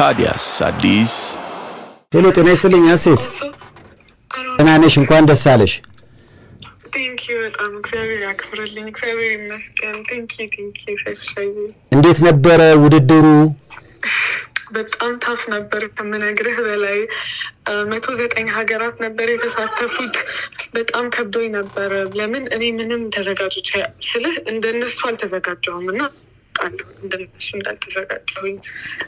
ታዲያስ አዲስ ሄሎ፣ ጤና ይስጥልኝ አሴት ደህና ነሽ? እንኳን ደስ አለሽ። እግዚአብሔር እንዴት ነበረ ውድድሩ? በጣም ታፍ ነበር ከምነግርህ በላይ መቶ ዘጠኝ ሀገራት ነበር የተሳተፉት። በጣም ከብዶኝ ነበረ። ለምን እኔ ምንም ተዘጋጆች ስልህ እንደነሱ አልተዘጋጀውም እና አውቃለሁ እንደነሱ እንዳልተዘጋጀሁኝ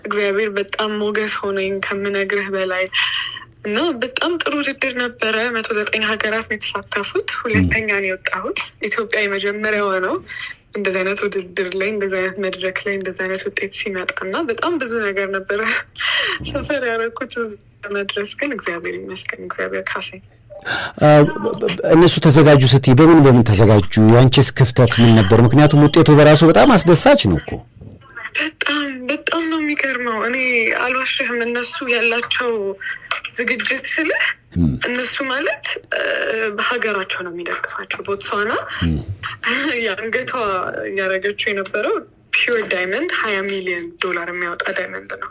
እግዚአብሔር በጣም ሞገስ ሆነኝ ከምነግርህ በላይ እና በጣም ጥሩ ውድድር ነበረ። መቶ ዘጠኝ ሀገራት ነው የተሳተፉት። ሁለተኛ ነው የወጣሁት። ኢትዮጵያ የመጀመሪያዋ ነው እንደዚ አይነት ውድድር ላይ እንደዚ አይነት መድረክ ላይ እንደዚ አይነት ውጤት ሲመጣ እና በጣም ብዙ ነገር ነበረ ሰፈር ያደረኩት መድረስ ግን እግዚአብሔር ይመስገን እግዚአብሔር ካሰኝ እነሱ ተዘጋጁ ስትይ በምን በምን ተዘጋጁ? የአንቺስ ክፍተት ምን ነበር? ምክንያቱም ውጤቱ በራሱ በጣም አስደሳች ነው እኮ። በጣም በጣም ነው የሚገርመው። እኔ አልዋሽህም። እነሱ ያላቸው ዝግጅት ስልህ እነሱ ማለት በሀገራቸው ነው የሚደግፋቸው። ቦትስዋና የአንገቷ እያደረገችው የነበረው ፒዮር ዳይመንድ ሀያ ሚሊዮን ዶላር የሚያወጣ ዳይመንድ ነው።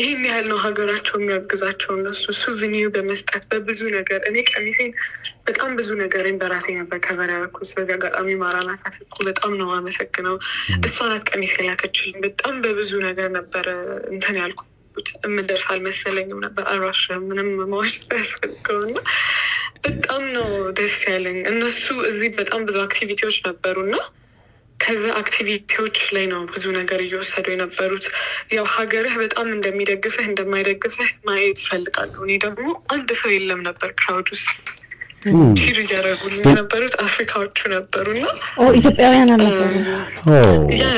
ይህን ያህል ነው ሀገራቸው የሚያግዛቸው እነሱ ሱቪኒር በመስጠት በብዙ ነገር። እኔ ቀሚሴን በጣም ብዙ ነገርን በራሴ ነበር ከበር ያደረኩት። በዚህ አጋጣሚ ማራናት አትልኩ በጣም ነው አመሰግነው። እሷናት ቀሚሴ ላከችልኝ። በጣም በብዙ ነገር ነበር እንትን ያልኩ የምደርስ አልመሰለኝም ነበር። አራሽ ምንም መዋሸት ያስፈልገው እና በጣም ነው ደስ ያለኝ። እነሱ እዚህ በጣም ብዙ አክቲቪቲዎች ነበሩ እና ከዛ አክቲቪቲዎች ላይ ነው ብዙ ነገር እየወሰዱ የነበሩት። ያው ሀገርህ በጣም እንደሚደግፍህ እንደማይደግፍህ ማየት ይፈልጋሉ። እኔ ደግሞ አንድ ሰው የለም ነበር ክራውድ ውስጥ ሺር እያደረጉልኝ የነበሩት አፍሪካዎቹ ነበሩ እና ኢትዮጵያውያን ያ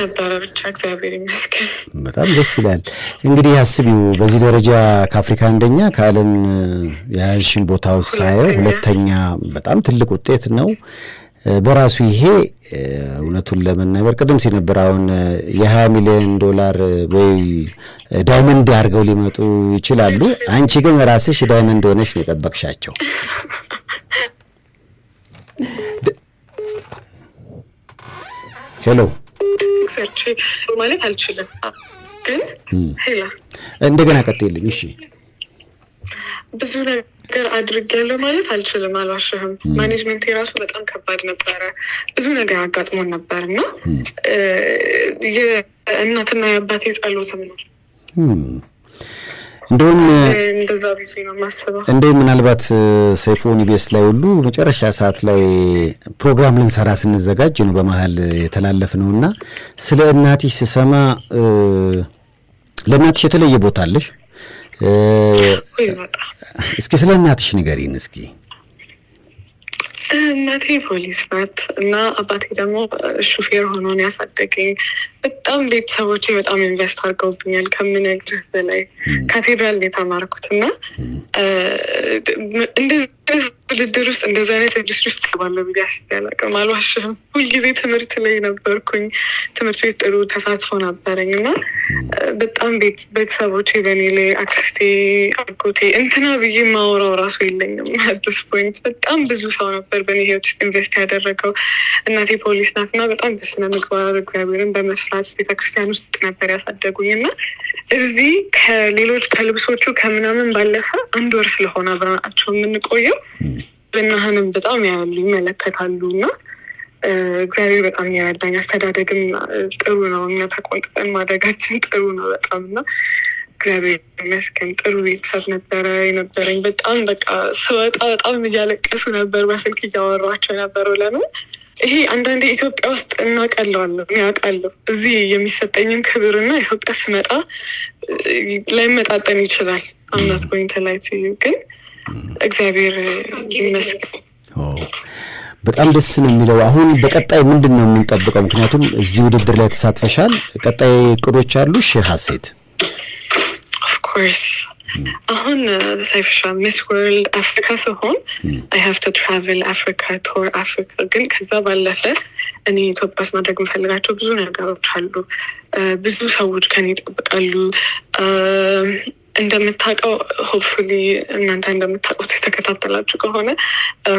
ነበረ። ብቻ እግዚአብሔር ይመስገን በጣም ደስ ይላል። እንግዲህ አስቢው በዚህ ደረጃ ከአፍሪካ አንደኛ ከዓለም የያዥን ቦታ ሳየው ሁለተኛ በጣም ትልቅ ውጤት ነው። በራሱ ይሄ እውነቱን ለመናገር ቅድም ሲነበር አሁን የ ሚሊዮን ዶላር ወይ ዳይመንድ አድርገው ሊመጡ ይችላሉ። አንቺ ግን ራስሽ ዳይመንድ ሆነሽ ነው የጠበቅሻቸው። ሄሎ ማለት አልችልም፣ ግን እንደገና ቀጥልኝ እሺ ብዙ ነገር አድርጌያለሁ ማለት አልችልም፣ አልዋሽህም። ማኔጅመንት የራሱ በጣም ከባድ ነበረ። ብዙ ነገር አጋጥሞን ነበር እና የእናትና የአባቴ ጸሎትም ነው። እንደውም እንደውም ምናልባት ሰይፉ ቤስ ላይ ሁሉ መጨረሻ ሰዓት ላይ ፕሮግራም ልንሰራ ስንዘጋጅ ነው በመሀል የተላለፍ ነው እና ስለ እናትሽ ስሰማ ለእናትሽ የተለየ ቦታ አለሽ ይመጣ። እስኪ ስለ እናትሽ ንገሪን እስኪ። እናቴ ፖሊስ ናት እና አባቴ ደግሞ ሹፌር ሆኖ ያሳደገኝ። በጣም ቤተሰቦቼ በጣም ኢንቨስት አድርገውብኛል ከምነግርህ በላይ ካቴድራል የተማርኩት እና እንደዚህ ውድድር ውስጥ እንደዚ አይነት ኢንዱስትሪ ውስጥ ገባለሁ ብዬ አስቤ አላውቅም። አልዋሽም። ሁልጊዜ ትምህርት ላይ ነበርኩኝ። ትምህርት ቤት ጥሩ ተሳትፎ ነበረኝ እና በጣም ቤተሰቦች በእኔ ላይ አክስቴ፣ አጎቴ እንትና ብዬ ማወራው ራሱ የለኝም። አዲስ ፖይንት በጣም ብዙ ሰው ነበር በእኔ ህይወት ውስጥ ኢንቨስት ያደረገው። እናቴ ፖሊስ ናት እና በጣም በስነ ምግባር እግዚአብሔርን በመስ ስርዓት ቤተክርስቲያን ውስጥ ነበር ያሳደጉኝ እና እዚህ ከሌሎች ከልብሶቹ ከምናምን ባለፈ አንድ ወር ስለሆነ አብረናቸው የምንቆየው ብናህንም በጣም ያሉ ይመለከታሉ እና እግዚአብሔር በጣም የረዳኝ አስተዳደግም ጥሩ ነው። እኛ ተቆንጥጠን ማደጋችን ጥሩ ነው በጣም እና እግዚአብሔር ይመስገን ጥሩ ቤተሰብ ነበረ የነበረኝ። በጣም በቃ ስወጣ በጣም እያለቀሱ ነበር፣ በስልክ እያወሯቸው ነበር ለምን ይሄ አንዳንዴ ኢትዮጵያ ውስጥ እናቀለዋለን ያውቃለሁ። እዚህ የሚሰጠኝን ክብርና ኢትዮጵያ ስመጣ ላይመጣጠን ይችላል። አምናት ጎኝ ተላይት ግን እግዚአብሔር ይመስገን። በጣም ደስ ነው የሚለው። አሁን በቀጣይ ምንድን ነው የምንጠብቀው? ምክንያቱም እዚህ ውድድር ላይ ተሳትፈሻል። ቀጣይ እቅዶች አሉ ሺህ ሀሴት ኦፍኮርስ አሁን ሳይፍሻ ሚስ ወርልድ አፍሪካ ሲሆን አይ ሀቭ ቱ ትራቨል አፍሪካ ቶር አፍሪካ። ግን ከዛ ባለፈ እኔ ኢትዮጵያ ውስጥ ማድረግ የምፈልጋቸው ብዙ ነገሮች አሉ። uh, ብዙ ሰዎች ከኔ ይጠብቃሉ። uh, እንደምታውቀው ሆፕፉሊ እናንተ እንደምታውቁት የተከታተላችሁ ከሆነ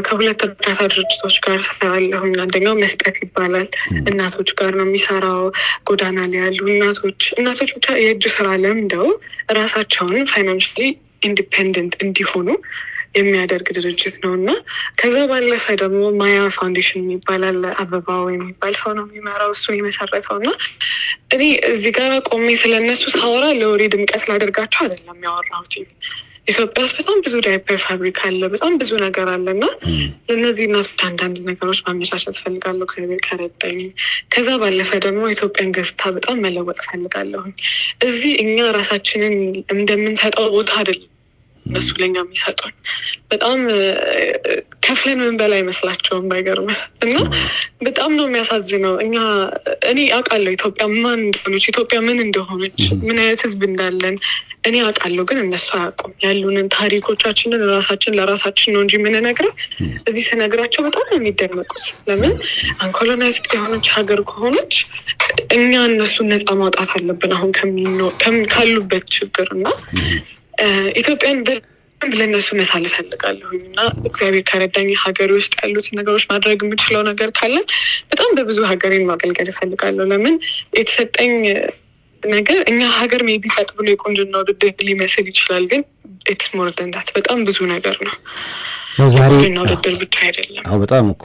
ከሁለት እርዳታ ድርጅቶች ጋር ሰራለሁኝ። አንደኛው መስጠት ይባላል። እናቶች ጋር ነው የሚሰራው። ጎዳና ላይ ያሉ እናቶች እናቶች ብቻ የእጅ ስራ ለምደው ራሳቸውን ፋይናንሽሊ ኢንዲፔንደንት እንዲሆኑ የሚያደርግ ድርጅት ነው እና ከዛ ባለፈ ደግሞ ማያ ፋውንዴሽን የሚባል አለ። አበባው የሚባል ሰው ነው የሚመራው እሱ የመሰረተው እና እኔ እዚህ ጋር ቆሜ ስለነሱ ሳወራ ለወሬ ድምቀት ላደርጋቸው አይደለም ያወራሁት። ኢትዮጵያ ውስጥ በጣም ብዙ ዳይፐር ፋብሪካ አለ፣ በጣም ብዙ ነገር አለ እና ለእነዚህ እናቶች አንዳንድ ነገሮች ማመቻቸት ፈልጋለሁ እግዚአብሔር ከረዳኝ። ከዛ ባለፈ ደግሞ ኢትዮጵያን ገጽታ በጣም መለወጥ ፈልጋለሁኝ። እዚህ እኛ ራሳችንን እንደምንሰጠው ቦታ አይደለም እሱ ለኛ የሚሰጡን በጣም ከፍለን ምን በላይ አይመስላቸውም። ባይገርም እና በጣም ነው የሚያሳዝነው። እኛ እኔ አውቃለሁ ኢትዮጵያ ማን እንደሆነች ኢትዮጵያ ምን እንደሆነች ምን አይነት ህዝብ እንዳለን እኔ አውቃለሁ፣ ግን እነሱ አያውቁም። ያሉንን ታሪኮቻችንን ራሳችን ለራሳችን ነው እንጂ የምንነግረው እዚህ ስነግራቸው በጣም ነው የሚደመቁት። ለምን አንኮሎናይዝ የሆነች ሀገር ከሆነች እኛ እነሱን ነፃ ማውጣት አለብን አሁን ካሉበት ችግር እና ኢትዮጵያን በደንብ ለእነሱ መሳል እፈልጋለሁ እና እግዚአብሔር ከረዳኝ ሀገር ውስጥ ያሉትን ነገሮች ማድረግ የምችለው ነገር ካለ በጣም በብዙ ሀገሬን ማገልገል እፈልጋለሁ። ለምን የተሰጠኝ ነገር እኛ ሀገር ሜቢ ሰጥ ብሎ የቁንጅና ውድድር ሊመስል ይችላል፣ ግን ኢትስ ሞር ደን ዳት በጣም ብዙ ነገር ነው። ቁንጅና ውድድር ብቻ አይደለም። በጣም እኮ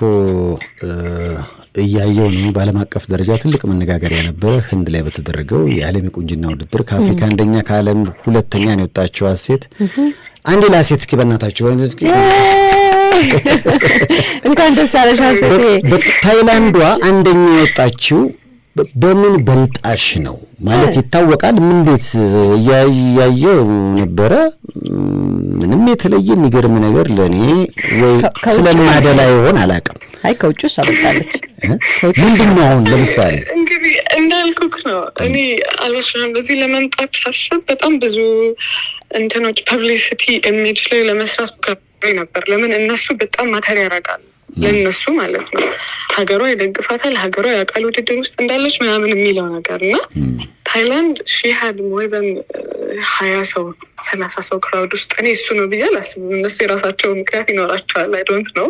እያየው ነው። በዓለም አቀፍ ደረጃ ትልቅ መነጋገሪያ ነበረ። ህንድ ላይ በተደረገው የዓለም የቁንጅና ውድድር ከአፍሪካ አንደኛ ከዓለም ሁለተኛ ነው የወጣችው ሴት። አንዴ ለሴት እስኪ በእናታችሁ እንኳን ደስ አለሽ ታይላንዷ አንደኛ የወጣችው በምን በልጣሽ ነው ማለት ይታወቃል። ምንዴት እያየው ነበረ። ምንም የተለየ የሚገርም ነገር ለእኔ ወይ ስለማደላ ይሆን አላውቅም አይ ከውጭ እሷ በቃለች። ምንድን ነው አሁን ለምሳሌ እንግዲህ እንዳልኩክ ነው። እኔ አልወስንም በዚህ ለመምጣት ሳስብ በጣም ብዙ እንትኖች ፐብሊሲቲ ኢሜጅ ላይ ለመስራት ገብሬ ነበር። ለምን እነሱ በጣም ማተር ያደርጋሉ ለእነሱ ማለት ነው። ሀገሯ ይደግፋታል፣ ሀገሯ የአቃል ውድድር ውስጥ እንዳለች ምናምን የሚለው ነገር እና ታይላንድ ሺሃድ ሞይዘን ሀያ ሰው ሰላሳ ሰው ክራውድ ውስጥ እኔ እሱ ነው ብዬ አላስብም። እነሱ የራሳቸው ምክንያት ይኖራቸዋል። አይዶንት ነው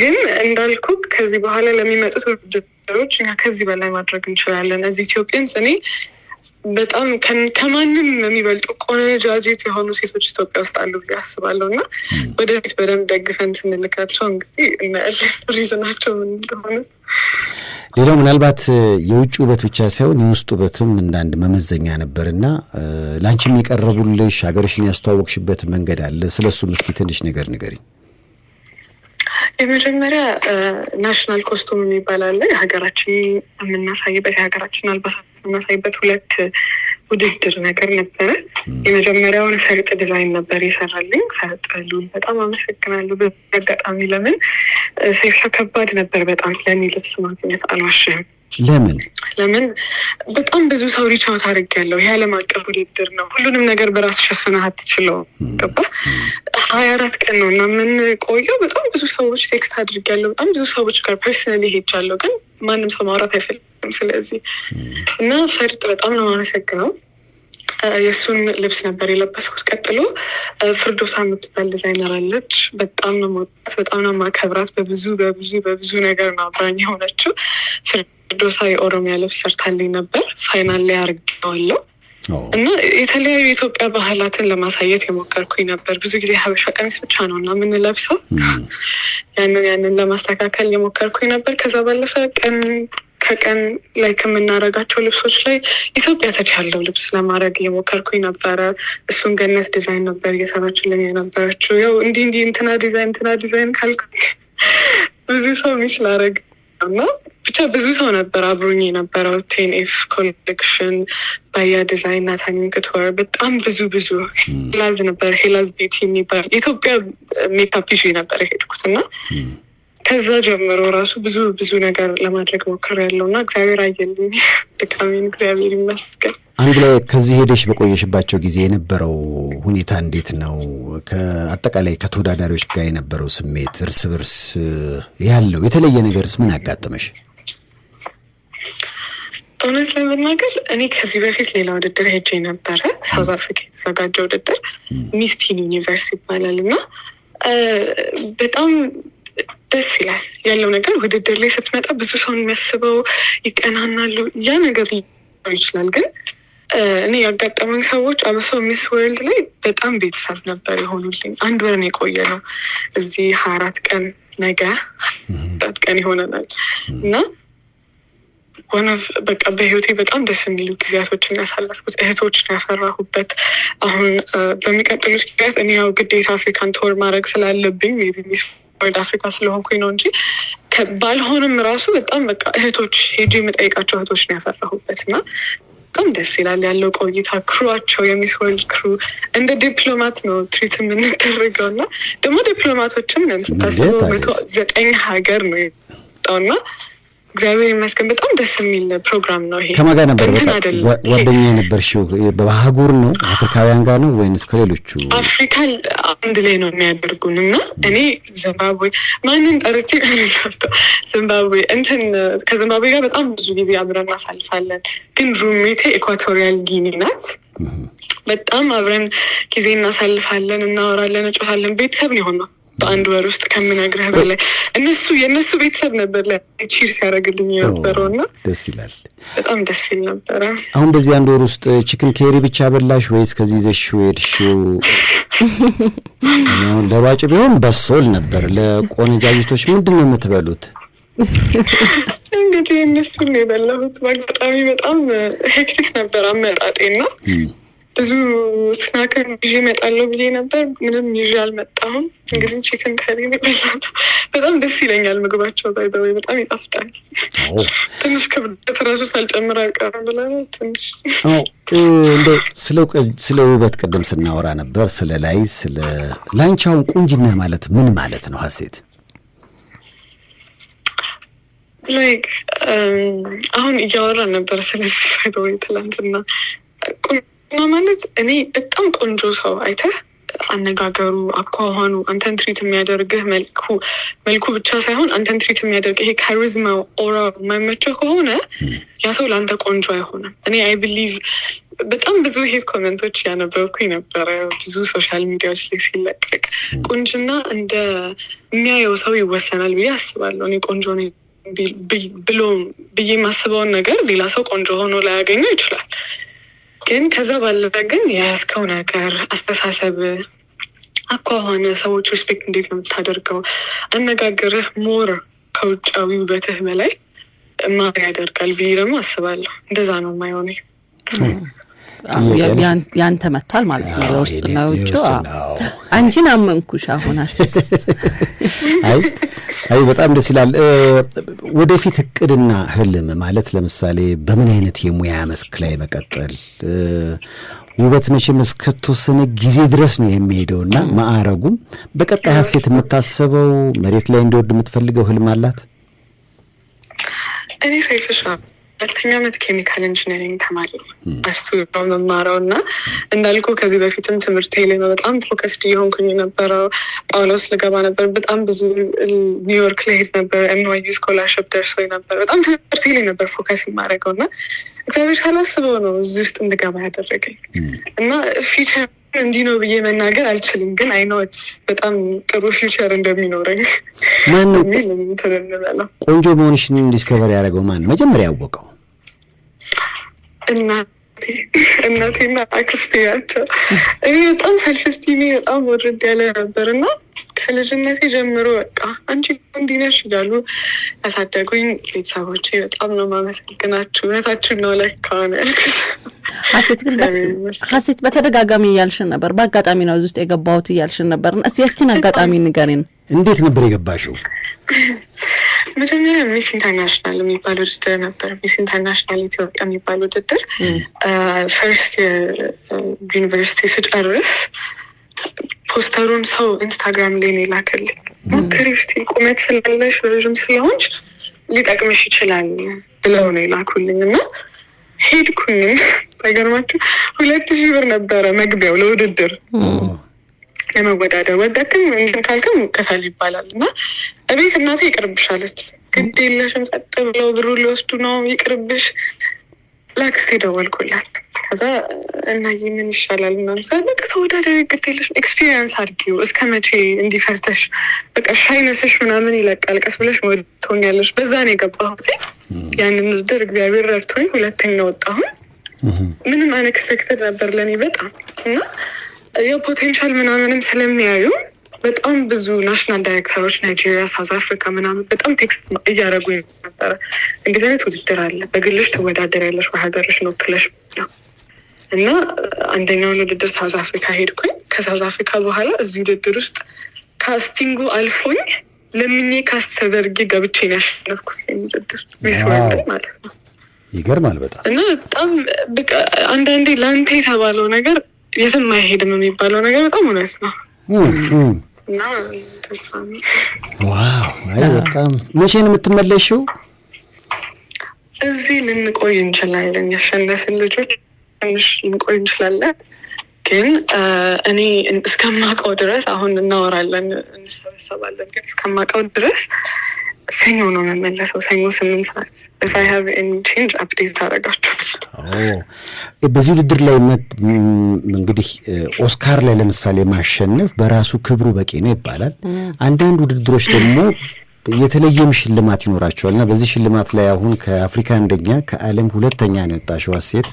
ግን እንዳልኩ ከዚህ በኋላ ለሚመጡት ውድድሮች እኛ ከዚህ በላይ ማድረግ እንችላለን። እዚህ ኢትዮጵያንስ እኔ በጣም ከማንም የሚበልጡ ቆነጃጅት የሆኑ ሴቶች ኢትዮጵያ ውስጥ አሉ ብዬ አስባለሁ እና ወደፊት በደንብ ደግፈን ስንልካቸው እንግዲህ እናያለን ሪዝናቸው ምን እንደሆነ። ሌላው ምናልባት የውጭ ውበት ብቻ ሳይሆን የውስጥ ውበትም እንዳንድ መመዘኛ ነበር እና ለአንቺም የቀረቡልሽ ሀገርሽን ያስተዋወቅሽበት መንገድ አለ። ስለ እሱም እስኪ ትንሽ ነገር ንገሪኝ። የመጀመሪያ ናሽናል ኮስቱም የሚባል አለ። የሀገራችን የምናሳይበት የሀገራችን አልባሳት ሳይበት ሁለት ውድድር ነገር ነበረ። የመጀመሪያውን ፈርጥ ዲዛይን ነበር የሰራልኝ። ፈርጥ በጣም አመሰግናለሁ። በአጋጣሚ ለምን ሴሳ ከባድ ነበር በጣም ለእኔ ልብስ ማግኘት አልዋሽም። ለምን ለምን በጣም ብዙ ሰው ሪቻውት አድርግ ያለው የዓለም አቀፍ ውድድር ነው። ሁሉንም ነገር በራሱ ሸፍነ አትችለው። ገባ ሀያ አራት ቀን ነው እና የምንቆየው። በጣም ብዙ ሰዎች ቴክስት አድርግ ያለው በጣም ብዙ ሰዎች ጋር ፐርሰናሊ ሄጃለሁ፣ ግን ማንም ሰው ማውራት አይፈልግም። ስለዚህ እና ፈርጥ በጣም ነው የማመሰግነው። የእሱን ልብስ ነበር የለበስኩት። ቀጥሎ ፍርዶሳ የምትባል ዲዛይነር አለች። በጣም ነው መውጣት በጣም ነው ማከብራት። በብዙ በብዙ በብዙ ነገር ነው አብራኝ የሆነችው ቅዱሳዊ ኦሮሚያ ልብስ ሰርታልኝ ነበር። ፋይናል ላይ አድርጌዋለሁ እና የተለያዩ የኢትዮጵያ ባህላትን ለማሳየት የሞከርኩኝ ነበር። ብዙ ጊዜ ሀበሻ ቀሚስ ብቻ ነው እና ምንለብሰው ያንን ያንን ለማስተካከል የሞከርኩኝ ነበር። ከዛ ባለፈ ቀን ከቀን ላይ ከምናረጋቸው ልብሶች ላይ ኢትዮጵያ ተች ያለው ልብስ ለማድረግ እየሞከርኩኝ ነበረ። እሱን ገነት ዲዛይን ነበር እየሰራችልኝ የነበረችው። ው እንዲ እንዲ እንትና ዲዛይን እንትና ዲዛይን ካልኩ ብዙ ሰው ሚስ ላረግ እና ብቻ ብዙ ሰው ነበር አብሮኝ የነበረው። ቴንኤፍ ኮሌክሽን፣ ባያ ዲዛይን እና ታኒም በጣም ብዙ ብዙ ሄላዝ ነበር ሄላዝ ቤት የሚባል የኢትዮጵያ ሜካፕ ይዤ ነበር የሄድኩት እና ከዛ ጀምሮ ራሱ ብዙ ብዙ ነገር ለማድረግ ሞከር ያለው እና እግዚአብሔር አየልኝ ድካሜን እግዚአብሔር ይመስገን። አንድ ላይ ከዚህ ሄደሽ በቆየሽባቸው ጊዜ የነበረው ሁኔታ እንዴት ነው? ከአጠቃላይ ከተወዳዳሪዎች ጋር የነበረው ስሜት፣ እርስ በርስ ያለው የተለየ ነገርስ ምን አጋጠመሽ? እውነት ለመናገር እኔ ከዚህ በፊት ሌላ ውድድር ሄጄ ነበረ። ሳውዝ አፍሪካ የተዘጋጀ ውድድር ሚስቲን ዩኒቨርስ ይባላል እና በጣም ደስ ይላል ያለው ነገር። ውድድር ላይ ስትመጣ ብዙ ሰውን የሚያስበው ይቀናናሉ። ያ ነገር ይችላል ግን እኔ ያጋጠመኝ ሰዎች አብሶ ሚስ ወርልድ ላይ በጣም ቤተሰብ ነበር የሆኑልኝ። አንድ ወርን የቆየ ነው እዚህ ሀያ አራት ቀን ነገ ጣት ቀን ይሆነናል እና ሆነ በቃ በህይወቴ በጣም ደስ የሚሉ ጊዜያቶችን ያሳለፍኩት እህቶችን ያፈራሁበት። አሁን በሚቀጥሉት ጊዜያት እኔ ያው ግዴታ አፍሪካን ቶር ማድረግ ስላለብኝ ቢሚስ ወደ አፍሪካ ስለሆንኩኝ ነው እንጂ ባልሆንም ራሱ በጣም በቃ እህቶች ሄጄ የምጠይቃቸው እህቶች ነው ያፈራሁበት እና በጣም ደስ ይላል ያለው ቆይታ። ክሩቸው የሚስ ክሩ እንደ ዲፕሎማት ነው ትሪት የምንደረገው እና ደግሞ ዲፕሎማቶችም ስታስበው መቶ ዘጠኝ ሀገር ነው የወጣው እና እግዚአብሔር ይመስገን በጣም ደስ የሚል ፕሮግራም ነው ይሄ። ከማን ጋር ነበር? ጓደኛ ነበር በባህጉር ነው አፍሪካውያን ጋር ነው ወይንስ ከሌሎቹ? አፍሪካን አንድ ላይ ነው የሚያደርጉን እና እኔ ዚምባብዌ ማንን ጠርቼ ዚምባብዌ እንትን ከዚምባብዌ ጋር በጣም ብዙ ጊዜ አብረን እናሳልፋለን። ግን ሩሜቴ ኢኳቶሪያል ጊኒ ናት። በጣም አብረን ጊዜ እናሳልፋለን፣ እናወራለን፣ እንጮታለን። ቤተሰብ ነው የሆነው በአንድ ወር ውስጥ ከምነግርህ በላይ እነሱ የእነሱ ቤተሰብ ነበር ቺር ሲያደርግልኝ የነበረው እና ደስ ይላል። በጣም ደስ ይል ነበረ። አሁን በዚህ አንድ ወር ውስጥ ቺክን ኬሪ ብቻ በላሽ ወይስ ከዚህ ይዘሽው የሄድሽው? ለሯጭ ቢሆን በሶል ነበር። ለቆነጃጅቶች ምንድን ነው የምትበሉት? እንግዲህ እነሱን የበላሁት በአጋጣሚ በጣም ሄክቲክ ነበር አመጣጤና ብዙ ስናከር ይዤ እመጣለሁ ብዬ ነበር። ምንም ይዤ አልመጣሁም። እንግዲህ ቺክን ከሪ በጣም ደስ ይለኛል። ምግባቸው ባይዘወይ በጣም ይጣፍጣል። ትንሽ ክብደት ራሱ ሳልጨምር አልቀርም ብላ ትንሽ ስለ ውበት ቅድም ስናወራ ነበር። ስለ ላይ ስለ ላንቻውን ቁንጅና ማለት ምን ማለት ነው ሀሴት? ላይክ አሁን እያወራ ነበር ስለዚህ ባይዘወይ ትላንትና ያ ማለት እኔ በጣም ቆንጆ ሰው አይተህ አነጋገሩ፣ አኳኋኑ አንተን ትሪት የሚያደርግህ መልኩ መልኩ ብቻ ሳይሆን አንተን ትሪት የሚያደርግ ይሄ ካሪዝማው ኦራ የማይመቸው ከሆነ ያ ሰው ለአንተ ቆንጆ አይሆንም። እኔ አይ ብሊቭ በጣም ብዙ ሄት ኮመንቶች ያነበብኩኝ ነበረ ብዙ ሶሻል ሚዲያዎች ላይ ሲለቀቅ ቁንጅና እንደ የሚያየው ሰው ይወሰናል ብዬ አስባለሁ። እኔ ቆንጆ ነ ብሎ ብዬ የማስበውን ነገር ሌላ ሰው ቆንጆ ሆኖ ላያገኘው ይችላል። ግን ከዛ ባለፈ ግን የያዝከው ነገር አስተሳሰብ አኳኋነ ሰዎች ሪስፔክት እንዴት ነው የምታደርገው? አነጋገርህ ሞር ከውጫዊ ውበትህ በላይ ማር ያደርጋል ብ ደግሞ አስባለሁ። እንደዛ ነው የማይሆነ ያንተ መጥቷል ማለት ነው። ለውስጥ ነው አንቺን አመንኩሽ። አሁን አስ አይ በጣም ደስ ይላል። ወደፊት እቅድና ህልም ማለት ለምሳሌ በምን አይነት የሙያ መስክ ላይ መቀጠል? ውበት መቼም እስከተወሰነ ጊዜ ድረስ ነው የሚሄደውና ማዕረጉም። በቀጣይ ሀሴት የምታስበው መሬት ላይ እንዲወርድ የምትፈልገው ህልም አላት? እኔ ሳይፈሻ ሁለተኛ ዓመት ኬሚካል ኢንጂነሪንግ ተማሪ እሱ በመማረው እና እንዳልኩ ከዚህ በፊትም ትምህርት ላይ ነው በጣም ፎከስድ እየሆንኩኝ ነበረው ጳውሎስ ልገባ ነበር። በጣም ብዙ ኒውዮርክ ለሄድ ነበር። ኤንዋዩ ስኮላርሽፕ ደርሶ ነበር። በጣም ትምህርት ላይ ነበር ፎከስ የማደርገው እና እግዚአብሔር ሳላስበው ነው እዚህ ውስጥ እንድገባ ያደረገኝ እና ፊቸር እንዲህ ነው ብዬ መናገር አልችልም፣ ግን አይነት በጣም ጥሩ ፊውቸር እንደሚኖረኝ ቆንጆ መሆንሽን ዲስከቨር ያደረገው ማን መጀመሪያ ያወቀው እና እናቴና አክስቴ ናቸው። እኔ በጣም ሰልፍስቲሜ በጣም ወርድ ያለ ነበር እና ከልጅነቴ ጀምሮ በቃ አንቺ እንዲህ ነሽ እያሉ ያሳደጉኝ ቤተሰቦች በጣም ነው ማመሰግናችሁ። እውነታችን ነው ለካ ነው ያልኩት። ሀሴት በተደጋጋሚ እያልሽን ነበር፣ በአጋጣሚ ነው እዚህ ውስጥ የገባሁት እያልሽን ነበር። እስኪ ያችን አጋጣሚ ንገሪን። እንዴት ነበር የገባሽው? መጀመሪያ ሚስ ኢንተርናሽናል የሚባል ውድድር ነበር። ሚስ ኢንተርናሽናል ኢትዮጵያ የሚባል ውድድር ፈርስት ዩኒቨርሲቲ ስጨርስ ፖስተሩን ሰው ኢንስታግራም ላይ ነው የላከልኝ። ሞክሪ ቁመት ስላለሽ ረዥም ስለሆንች ሊጠቅምሽ ይችላል ብለው ነው የላኩልኝ እና ሄድኩኝ። ተገርማችሁ ሁለት ሺህ ብር ነበረ መግቢያው ለውድድር ለመወዳደር ወደድክም እንትን ካልክም ውቀሳል ይባላል እና እቤት እናቴ ይቅርብሻለች፣ ግድ የለሽም ጸጥ ብለው ብሩ ሊወስዱ ነው ይቅርብሽ። ላክስቴ ደወልኩላት። ከዛ እናዬ ምን ይሻላል ምናምን ስላት በቃ ተወዳደሪ ግድ የለሽም ኤክስፒሪየንስ አድርጊው እስከ መቼ እንዲፈርተሽ በቃ ሻይነስሽ ምናምን ይለቃል፣ ቀስ ብለሽ ትሆኛለሽ። በዛ ነው የገባሁት። ያንን ውድድር እግዚአብሔር ረድቶኝ ሁለተኛ ወጣሁን። ምንም አንኤክስፔክትድ ነበር ለእኔ በጣም እና የፖቴንሻል ምናምንም ስለሚያዩ በጣም ብዙ ናሽናል ዳይሬክተሮች ናይጄሪያ፣ ሳውዝ አፍሪካ ምናምን በጣም ቴክስት እያደረጉ ነበረ። እንደዚህ አይነት ውድድር አለ፣ በግልሽ ትወዳደር ያለች በሀገርሽ ነው ትለሽ ነው እና አንደኛውን ውድድር ሳውዝ አፍሪካ ሄድኩኝ። ከሳውዝ አፍሪካ በኋላ እዚህ ውድድር ውስጥ ካስቲንጉ አልፎኝ ለምኜ ካስት ተደርጊ ገብቼ ነው ያሸነፍኩት። ውድድር ሚስ ማለት ነው። ይገርማል በጣም እና በጣም አንዳንዴ ለአንተ የተባለው ነገር የትም አይሄድም የሚባለው ነገር በጣም እውነት ነው። ዋው! በጣም መቼ ነው የምትመለሽው? እዚህ ልንቆይ እንችላለን። ያሸነፍን ልጆች ትንሽ ልንቆይ እንችላለን። ግን እኔ እስከማውቀው ድረስ አሁን እናወራለን፣ እንሰበሰባለን። ግን እስከማውቀው ድረስ ሰኞ ነው የምመለሰው። ሰኞ ስምንት ሰዓት ቼንጅ አፕዴት አደርጋችኋለሁ። በዚህ ውድድር ላይ እንግዲህ ኦስካር ላይ ለምሳሌ ማሸነፍ በራሱ ክብሩ በቂ ነው ይባላል። አንዳንድ ውድድሮች ደግሞ የተለየም ሽልማት ይኖራቸዋል እና በዚህ ሽልማት ላይ አሁን ከአፍሪካ አንደኛ ከዓለም ሁለተኛ ነው የወጣሽው ሴት።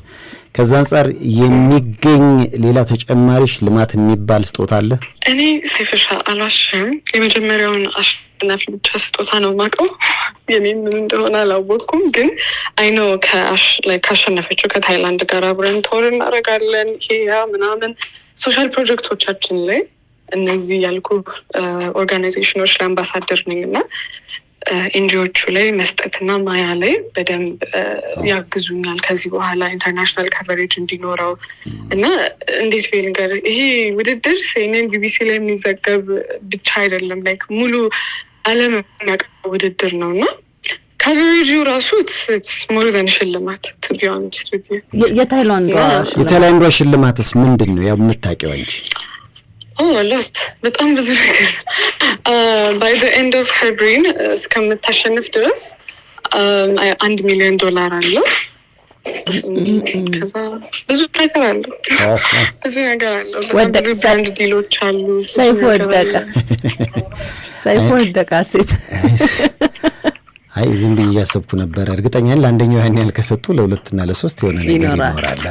ከዛ አንጻር የሚገኝ ሌላ ተጨማሪ ሽልማት የሚባል ስጦታ አለ? እኔ ሴፈሻ አሏሽም የመጀመሪያውን አሸናፊ ብቻ ስጦታ ነው የማውቀው። የኔ ምን እንደሆነ አላወቅኩም፣ ግን አይኖ ካሸነፈችው ከታይላንድ ጋር አብረን ቶር እናደርጋለን ያ ምናምን ሶሻል ፕሮጀክቶቻችን ላይ እነዚህ ያልኩ ኦርጋናይዜሽኖች ለአምባሳደር ነኝ እና ኤንጂዎቹ ላይ መስጠትና ማያ ላይ በደንብ ያግዙኛል። ከዚህ በኋላ ኢንተርናሽናል ከቨሬጅ እንዲኖረው እና እንዴት ቤል ይሄ ውድድር ሴኔን ቢቢሲ ላይ የሚዘገብ ብቻ አይደለም፣ ላይክ ሙሉ አለም የሚያውቀው ውድድር ነው እና ከቨሬጁ ራሱ ሞር ዘን ሽልማት የታይላንዷ ሽልማትስ ምንድን ነው ያው የምታቂዋ እንጂ ላት በጣም ብዙ ነገር ባይ ዘ ኤንድ ኦፍ ሄር ብሬን እስከምታሸንፍ ድረስ አንድ ሚሊዮን ዶላር አለው። ብዙ ነገር አለው፣ ብዙ ነገር አለው። ብራንድ ዲሎች አሉ። ሰይፉ ወደቀ፣ ሰይፉ ወደቀ ሴት አይ ዝም ብዬ እያሰብኩ ነበር። እርግጠኛ ለአንደኛው ያን ያህል ከሰጡ ለሁለትና ለሶስት የሆነ ነገር ይኖራል።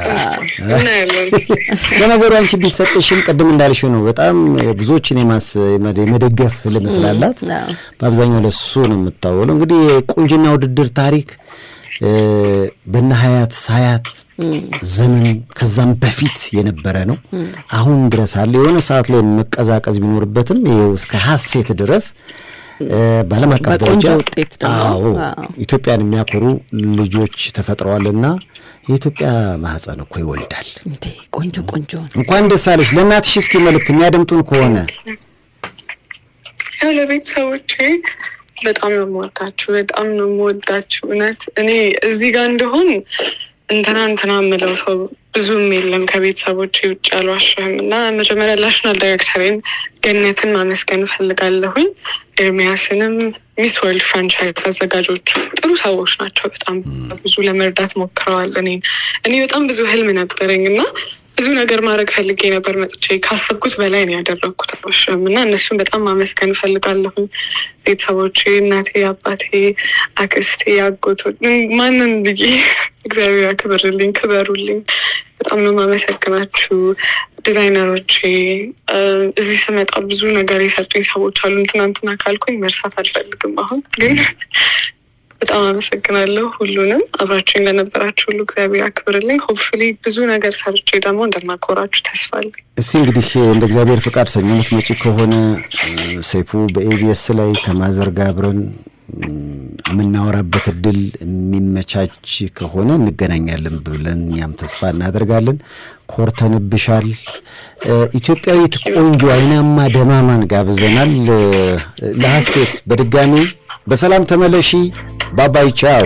ለነገሩ አንቺ ቢሰጥሽም ቅድም እንዳልሽው ነው። በጣም ብዙዎችን የመደገፍ ህልም ስላላት በአብዛኛው ለሱ ነው የምታወለው። እንግዲህ የቁንጅና ውድድር ታሪክ በነ ሀያት ሳያት ዘመን ከዛም በፊት የነበረ ነው። አሁን ድረስ አለ። የሆነ ሰዓት ላይ መቀዛቀዝ ቢኖርበትም ይኸው እስከ ሀሴት ድረስ በዓለም አቀፍ ደረጃ ኢትዮጵያን የሚያኮሩ ልጆች ተፈጥረዋልና የኢትዮጵያ ማህፀን እኮ ይወልዳል። ቆንጆ ቆንጆ እንኳን ደስ አለሽ። ለእናትሽ እስኪ መልእክት የሚያደምጡን ከሆነ ለቤተሰቦች በጣም ነው የምወዳችሁ፣ በጣም ነው የምወዳችሁ። እውነት እኔ እዚህ ጋር እንደሆን እንትና እንትና የምለው ሰው ብዙም የለም ከቤተሰቦች ውጭ አልዋሻም። እና መጀመሪያ ናሽናል ዳይሬክተሬን ገነትን ማመስገን ፈልጋለሁኝ። ኤርሚያስንም ሚስ ወርልድ ፍራንቻይዝ አዘጋጆቹ ጥሩ ሰዎች ናቸው። በጣም ብዙ ለመርዳት ሞክረዋል። እኔ እኔ በጣም ብዙ ህልም ነበረኝ እና ብዙ ነገር ማድረግ ፈልጌ ነበር። መጥቼ ካሰብኩት በላይ ነው ያደረግኩት አልዋሽም እና እነሱን በጣም ማመስገን እፈልጋለሁ። ቤተሰቦቼ፣ እናቴ፣ አባቴ፣ አክስቴ፣ አጎቶ ማንን ብዬ እግዚአብሔር ያክብርልኝ፣ ክበሩልኝ። በጣም ነው ማመሰግናችሁ። ዲዛይነሮቼ፣ እዚህ ስመጣ ብዙ ነገር የሰጡኝ ሰዎች አሉ። ትናንትና ካልኩኝ መርሳት አልፈልግም። አሁን ግን በጣም አመሰግናለሁ። ሁሉንም አብራችን ለነበራችሁ ሁሉ እግዚአብሔር አክብርልኝ። ሆፕፍሊ ብዙ ነገር ሰርቼ ደግሞ እንደማኮራችሁ ተስፋ አለኝ። እስቲ እንግዲህ እንደ እግዚአብሔር ፍቃድ ሰኞ ምትመጪ ከሆነ ሰይፉ በኤቢኤስ ላይ ከማዘር አብረን የምናወራበት እድል የሚመቻች ከሆነ እንገናኛለን ብለን እኛም ተስፋ እናደርጋለን። ኮርተንብሻል። ኢትዮጵያዊት ቆንጆ አይናማ ደማማን ጋብዘናል። ለሀሴት በድጋሚ በሰላም ተመለሺ። ባባይ ቻው።